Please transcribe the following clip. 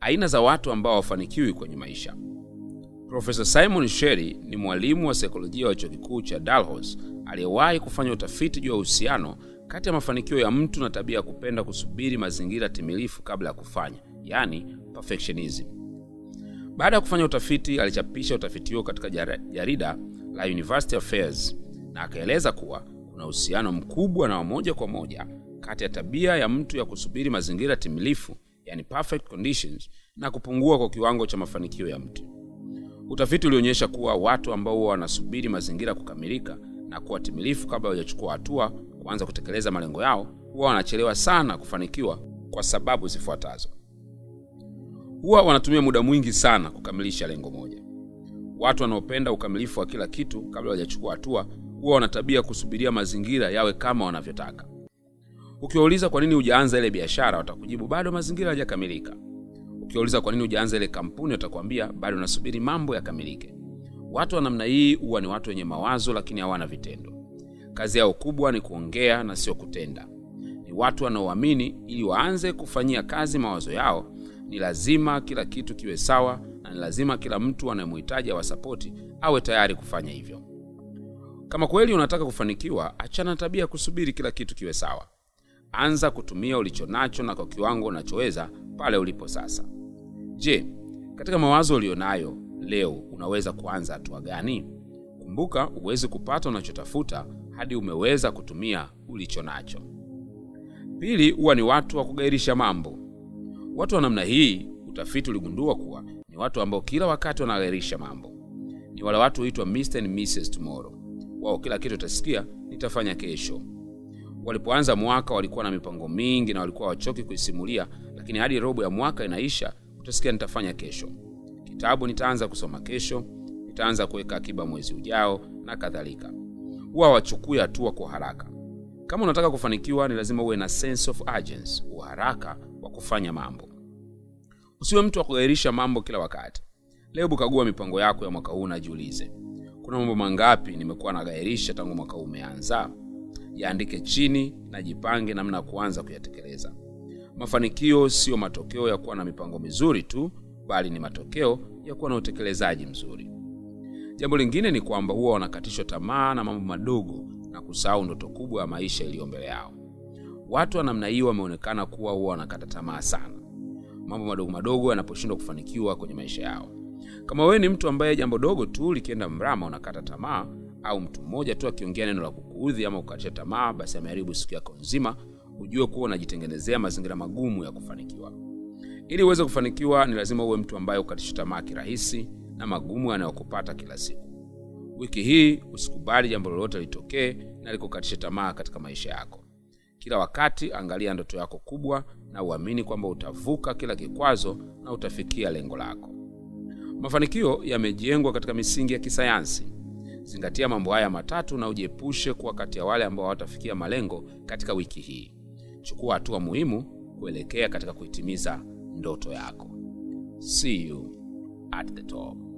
aina za watu ambao hawafanikiwi kwenye maisha. Profesa Simon Sherry ni mwalimu wa saikolojia wa chuo kikuu cha dalhos aliyewahi kufanya utafiti juu ya uhusiano kati ya mafanikio ya mtu na tabia ya kupenda kusubiri mazingira timilifu kabla ya kufanya, yaani perfectionism. Baada ya kufanya utafiti, alichapisha utafiti huo katika jarida la University Affairs na akaeleza kuwa kuna uhusiano mkubwa na wa moja kwa moja kati ya tabia ya mtu ya kusubiri mazingira timilifu yani perfect conditions na kupungua kwa kiwango cha mafanikio ya mtu utafiti ulionyesha kuwa watu ambao huwa wanasubiri mazingira kukamilika na kuwa timilifu kabla hawajachukua hatua kuanza kutekeleza malengo yao huwa wanachelewa sana kufanikiwa kwa sababu zifuatazo huwa wanatumia muda mwingi sana kukamilisha lengo moja watu wanaopenda ukamilifu wa kila kitu kabla hawajachukua hatua huwa wana tabia kusubiria mazingira yawe kama wanavyotaka Ukiwauliza kwa nini hujaanza ile biashara, watakujibu bado mazingira hayajakamilika. Ukiwauliza kwa nini hujaanza ile kampuni, watakwambia bado nasubiri mambo yakamilike. Watu wa namna hii huwa ni watu wenye mawazo, lakini hawana vitendo. Kazi yao kubwa ni kuongea na sio kutenda. Ni watu wanaoamini ili waanze kufanyia kazi mawazo yao, ni lazima kila kitu kiwe sawa, na ni lazima kila mtu anayemhitaji awasapoti awe tayari kufanya hivyo. Kama kweli unataka kufanikiwa, achana tabia ya kusubiri kila kitu kiwe sawa anza kutumia ulichonacho na kwa kiwango unachoweza pale ulipo sasa. Je, katika mawazo ulionayo leo unaweza kuanza hatua gani? Kumbuka, uwezi kupata unachotafuta hadi umeweza kutumia ulichonacho. Pili, huwa ni watu wa kugairisha mambo. Watu wa namna hii, utafiti uligundua kuwa ni watu ambao kila wakati wanagairisha mambo. Ni wale watu huitwa Mr and Mrs Tomorrow. Wao kila kitu utasikia nitafanya kesho walipoanza mwaka walikuwa na mipango mingi na walikuwa wachoki kuisimulia lakini hadi robo ya mwaka inaisha utasikia nitafanya kesho kitabu nitaanza kusoma kesho nitaanza kuweka akiba mwezi ujao na kadhalika huwa wachukui hatua kwa haraka kama unataka kufanikiwa ni lazima uwe na sense of urgency uharaka wa kufanya mambo usiwe mtu wa kugairisha mambo kila wakati leo kagua mipango yako ya mwaka huu najiulize kuna mambo mangapi nimekuwa nagairisha tangu mwaka huu umeanza yaandike chini na jipange namna ya kuanza kuyatekeleza mafanikio siyo matokeo ya kuwa na mipango mizuri tu bali ni matokeo ya kuwa na utekelezaji mzuri jambo lingine ni kwamba huwa wanakatishwa tamaa na mambo madogo na kusahau ndoto kubwa ya maisha iliyo mbele yao watu wa namna hiyo wameonekana kuwa huwa wanakata tamaa sana mambo madogo madogo yanaposhindwa kufanikiwa kwenye maisha yao kama wewe ni mtu ambaye jambo dogo tu likienda mrama unakata tamaa au mtu mmoja tu akiongea neno la kuudhi ama kukatia tamaa basi ameharibu siku yako nzima ujue kuwa unajitengenezea mazingira magumu ya kufanikiwa ili uweze kufanikiwa ni lazima uwe mtu ambaye ukatisha tamaa kirahisi na magumu yanayokupata kila siku wiki hii usikubali jambo lolote litokee na likukatisha tamaa katika maisha yako kila wakati angalia ndoto yako kubwa na uamini kwamba utavuka kila kikwazo na utafikia lengo lako mafanikio yamejengwa katika misingi ya kisayansi Zingatia mambo haya matatu na ujiepushe kuwa kati ya wale ambao watafikia malengo katika wiki hii. Chukua hatua muhimu kuelekea katika kuitimiza ndoto yako. See you at the top.